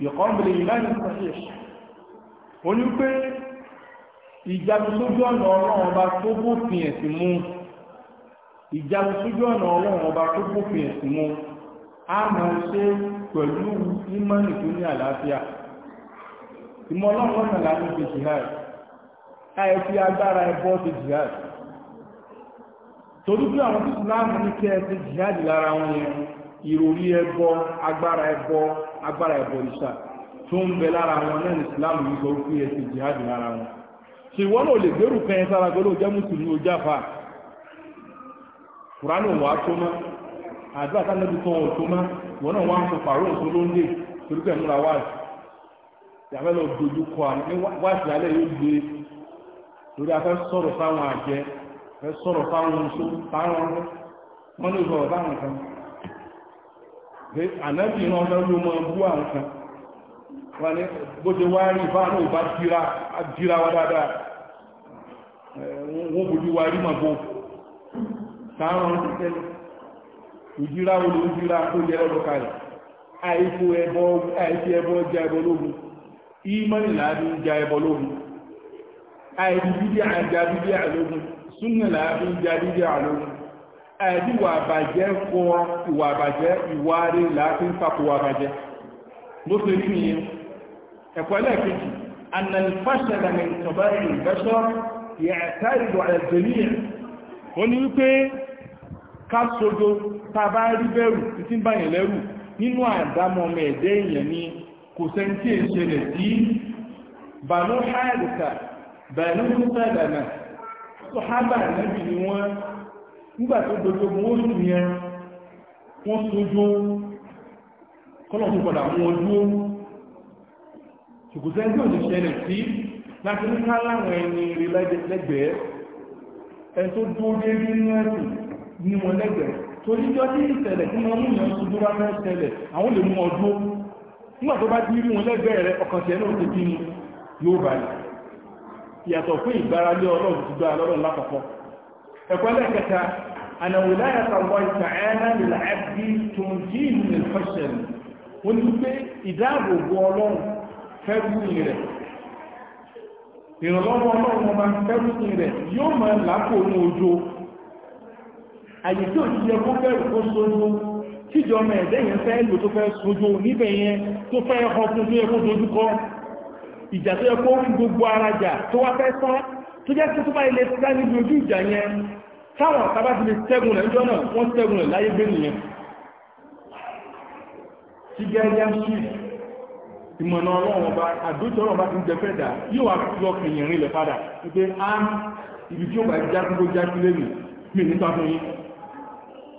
ìkọ́mbìlì ìlànà ìpàṣẹ́ ó ní pé ìjagun sójú ọ̀nà ọlọ́run ọba tó bófin ẹ̀sìn mú ìjagun ọ̀nà ọlọ́run ọba tó bófin ẹ̀sìn mú a máa ṣe pẹ̀lú ìmọ̀nì tó ní àlàáfíà ìmọ̀ ọlọ́pọ̀nà láti fi jihad fi agbára ti jihad torí bí àwọn ìsìláàmù ní kẹ́ ti jihad lára wọn yẹn ìròrí ẹbọ agbára ẹbọ agbára ẹbọ ìṣà tó ń bẹ lára wọn náà ní sọ ẹ jihad lára wọn ṣe lè sára mùsùlùmí àdúrà tánàbí tó wọn òtó má wọn náà wá ń fọ pàrọ̀ òtó ló ń lè torí pé múra wáàsì ìyàfẹ́ lọ dojú kọ àní wáàsì alẹ́ yóò gbé lórí afẹ́ sọ̀rọ̀ fáwọn àjẹ afẹ́ sọ̀rọ̀ fáwọn oṣù fáwọn ọ̀rẹ́ wọn ní ìfọ̀rọ̀ fáwọn kan ànábì náà fẹ́ ló mọ bú àwọn kan wọn ní bó ṣe wá rí ìfáwọn náà bá jíra wá dáadáa wọn kò ju wa rí màbo táwọn ọ̀rẹ́ òjìrá wo ni òjìrá tó jẹ lọ́dọ̀ kalẹ̀ àìfò ja ẹbọ lóhun ìmọ̀nì ja ẹbọ lóhun àìfi bídí àjà bídí àlóhun súnà làábí ń ja bídí àlóhun àìfi ìwà àbàjẹ́ fi rí nìyẹn ẹ̀kọ́ ẹlẹ́ẹ̀kejì annalfashada min kabari al-bashar ya'taridu ala al-jami' wọ́n tá a bá rí bẹ̀rù títí báyìí lẹ́rù nínú àdámọ́ ọmọ ẹ̀dẹ́ èèyàn ni kò sẹ́ntí ìṣẹ̀lẹ̀ sí bàánú hàrìsà bàánú sàdànà tó hábà níbi ni wọ́n nígbà tó dojú wọ́n sùn yẹn wọ́n sojú kọ́lọ̀ tó padà mú ojú kò sẹ́ntí ìṣẹ̀lẹ̀ sí láti ní ká láwọn ẹni rí lẹ́gbẹ̀ẹ́ ẹ tó dúró dé nínú ẹ̀sìn ní wọn lẹ́gbẹ̀ẹ́ torí jọ tí ìṣẹ̀lẹ̀ tí wọ́n mú yàn ṣubú bá fẹ́ ṣẹlẹ̀ àwọn lè mú ọdún nígbà tó bá ti rí wọn lẹ́gbẹ̀ẹ́ rẹ ọkàn tiẹ̀ náà ti bínú yóò balẹ̀ ìyàtọ̀ fún ìgbáralé ọlọ́run ti gbá lọ́rọ̀ lápapọ̀ ẹ̀kọ́ lẹ́kẹta أن ولاية الله تعالى للعبد تنجيه من الفشل ونبي إدابة بولون فبوين رẹ̀ ìrànlọ́wọ́ ọlọ́run ọba àyè tí ò ti yẹ kó bẹ̀rù kó sojú tíjọ ọmọ ẹ̀dẹ́ yẹn fẹ́ lò tó fẹ́ sojú níbẹ̀ yẹn tó fẹ́ ọkùn tó yẹ kó dojú kọ ìjà tó yẹ kó ń gbogbo ara jà tó wá fẹ́ sá tó jẹ́ tó bá ilé sá níbi ojú ìjà yẹn táwọn ọ̀tá bá ti lè ṣẹ́gun rẹ̀ níjọ́ náà wọ́n ṣẹ́gun rẹ̀ láyé gbé nìyẹn Tiberian Street ìmọ̀nà ọlọ́run ọba àdójọ́ ọlọ́run bá ti ń jẹ fẹ́ dà yóò wá lọ kìnyìn rìn lẹ̀ padà wípé á ibi tí ó bá jágúndó jágúndó lè mì mí nípa fún yín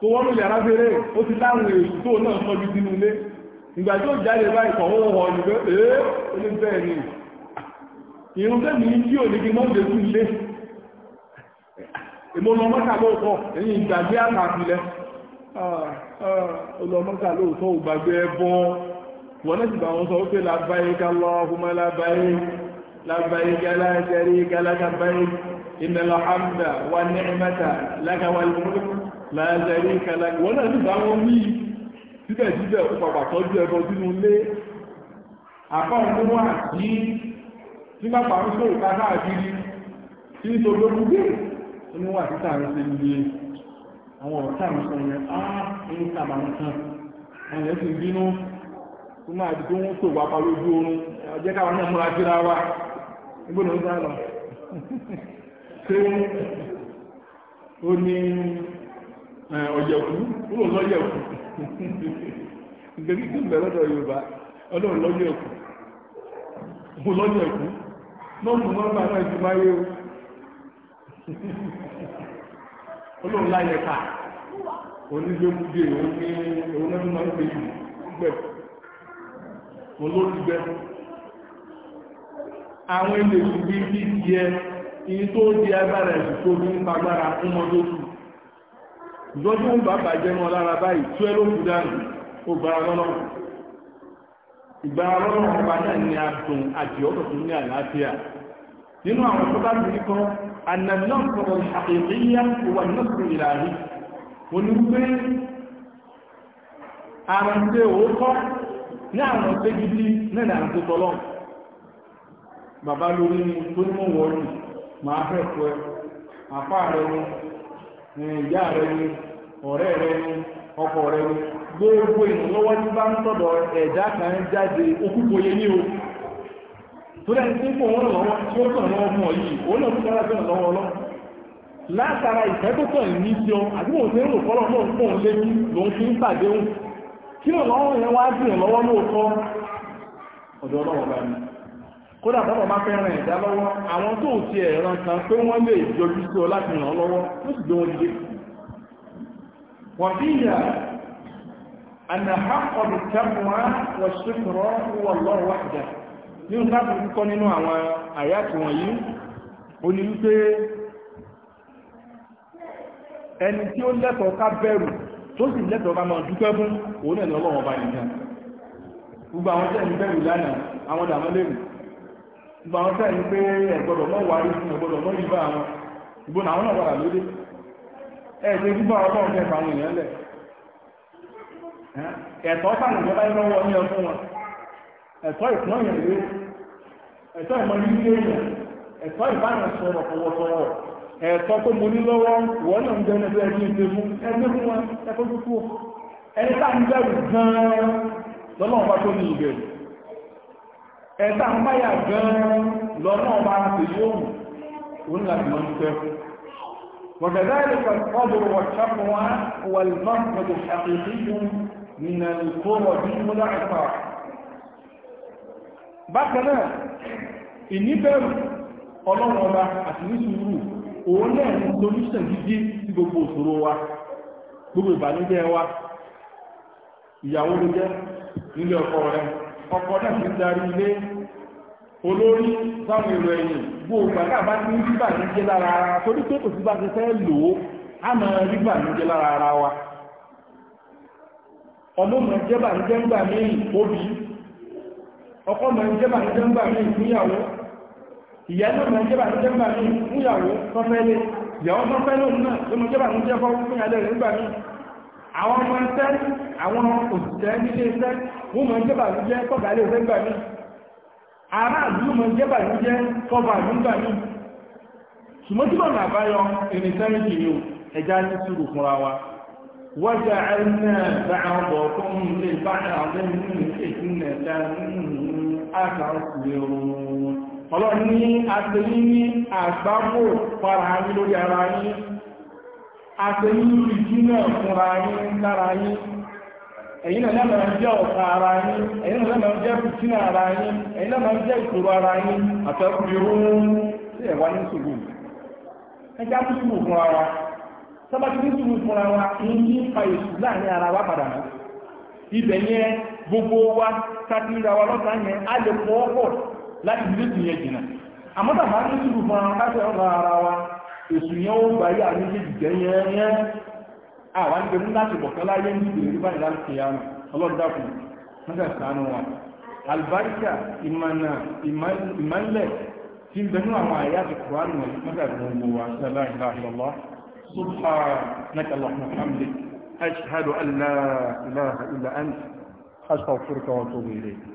kò wọ́n lè yàrá fèrè ó ti láwọn èyí tó náà sọ́jú sínú ilé ìgbà tí ó jáde báyìí kọ̀ wọ́n wọ̀ ní pé ee ó ní bẹ́ẹ̀ ni kí mọ́ sí ilé èmo lọ mọ́ta ẹ̀yìn ìgbàgbé àtàkùnlẹ̀ ọlọ́mọ́ta ah, ah, lóòótọ́ ò gbàgbé láàzẹ̀rí kẹlẹ̀ wọ́n náà nígbà wọn ní síbẹ̀síbẹ̀ ó pàpà tọ́jú ẹbọ sínú ilé àkọ́ọ̀dúnwó àti nígbà pàrún sóò ká káàkiri tí ń tó lókú dé inú wà títà rẹ̀ sí ilé àwọn ọ̀tá ìsọ̀ yẹn á ń tàbà nǹkan wọn yẹn sì ń bínú tó máa di tó ń tò wá pa lójú oorun ọjẹ́ káwọn náà múra síra wa nígbónà ó dá lọ ṣé ó ní Eh, ọ̀yẹ̀kú kúrò lọ́yẹ̀kú ìgbèríkì bẹ̀rẹ̀ lọ́dọ̀ Yorùbá ọlọ́run lọ́yẹ̀kú mo lọ́yẹ̀kú náà ti máa o àwọn ilé tó di agbára ní ń pagbára ń ìjọjú ń bá bàjẹ́ mọ́ lára báyìí tí ẹ ló kú dànù ó gbára lọ́nà ìgbára lọ́nà náà ni àti ọ̀tọ̀ tó ní àlàáfíà nínú àwọn tó bá ti kọ́ ànàmọ́ kọ̀rọ̀ àkèkéyà wà nọ́ọ̀sì ìlàrí onígbé ara ń ní àwọn gidi náà ní àwọn tó bàbá lórí tó ní máa fẹ́ fọ́ ẹ ìyá rẹ ni ọ̀rẹ́ rẹ ni ọkọ rẹ ni gbogbo ìrànlọ́wọ́ tí bá ń sọ̀dọ̀ ẹ̀dá kan jáde okúkọ ní o tó dẹ́ni tí kò wọ́n lọ́wọ́ tí ó kàn lọ́wọ́ fún yìí ó náà tún lọ́wọ́ látara ìfẹ́ tó ní jọ àti náà pọ̀ ló ń ń pàdéhùn kódà tọ́pọ̀ bá fẹ́ rìn ìdá lọ́wọ́ àwọn tó ti ẹ̀ràn kan pé wọ́n lè yọjú sí ọ láti ràn lọ́wọ́ ló sì gbé wọn dìde wọ́n fi ìyà àna hákọ̀lù kẹfùnwá wọ́n ṣíkùrọ̀ wọ́n lọ́rọ̀ wájà ní nǹkan tó kọ́ nínú àwọn àyàtì wọ̀nyí ó ní wípé ẹni tí ó lẹ́tọ̀ọ́ ká bẹ̀rù tó sì lẹ́tọ̀ọ́ ká máa dúpẹ́ fún òun náà ni ọlọ́wọ́ nìkan gbogbo àwọn tẹ́ẹ̀ ń bẹ̀rù lánàá àwọn dàmọ́ lérù gbogbo àwọn tẹ́ ní pé ẹ̀gbọ́dọ̀ mọ́ wà fún ẹ̀gbọ́dọ̀ mọ́ ìbá àwọn ìbò náà náà wà lórí ẹ̀ẹ́dẹ́ gbígbà ọlọ́run fẹ́ fàwọn èèyàn lẹ̀ ẹ̀tọ́ sáàrùn ìjọba iná wọ ní ọdún wọn ẹ̀tọ́ ìpín ọ̀yàn tó mo ní náà ń ẹ̀ta ń báyà gan-an lọ́nà ọba àti yóò òun láti mọ́ ní pẹ́kù وكذلك القدر والتقوى هو المصدر الحقيقي من القرب المضاعفة bákan náà ìníbẹ̀rù ọlọ́run ọba àti ní gbogbo ìbànújẹ́ wa ìyàwó ló jẹ́ nílé ọkọ rẹ̀ ọkọ náà fi darí ilé olórí sáwọn èrò ẹ̀yìn gbogbo àgbà bá ní bíbà ní jẹ́ lára ara torí pé kò sí bá ti fẹ́ lò ó á mọ bíbà ní jẹ́ lára ara wa ọlọ́mọ jẹ́bà ní jẹ́ngbà míì òbí ọkọ mọ̀ jẹ́bà ní jẹ́ngbà míì fúnyàwó ìyá náà mọ̀ jẹ́bà ní jẹ́ngbà míì fúnyàwó tọ́fẹ́lé ìyàwó tọ́fẹ́lé òun náà ló mọ̀ jẹ́bà ní jẹ́fọ́ fúnyàlẹ́ àwọn ọmọ ẹsẹ́ àwọn òṣìṣẹ́ nílé iṣẹ́ wọ́n máa ń jẹ́ bàlújẹ́ tọ́gà lè fẹ́ gbà mí ará àdúgbò máa ń jẹ́ bàlújẹ́ tọ́gà lè gbà mí ṣùgbọ́n tí wọ́n nàbá yọ irin sẹ́rìndì ni o ẹja ní sùúrù fúnra wa wọ́n jẹ́ ẹ̀rínà bàbọ̀ tó ń lè àwọn ẹ̀yin náà máa ń jẹ́ ara anyị ẹ̀yin náà máa ń jẹ́ fìtínà ara yín ẹ̀yin náà máa ń jẹ́ ìṣòro ara yín àtẹ́kùnrin sí ẹ̀wà ní ṣùgbù ẹjá tó ṣùgbù fún ara sábà tí ní fún ara láàrin ara wa padà gbogbo wa káàkiri ra wa lọ́sàn yẹn lè pọ̀ láti ilé yẹn àmọ́ ara àwọn ìgbè láti bọ̀kọ́ láyé ní ìgbèrè bá yà nù ọlọ́dàkùn ọlọ́dàkùn mọ́sẹ̀ sànú wa albarika ìmọ̀nà ìmọ̀lẹ̀ tí ń bẹnú àwọn àyà ti kùránù wọn won gbogbo wa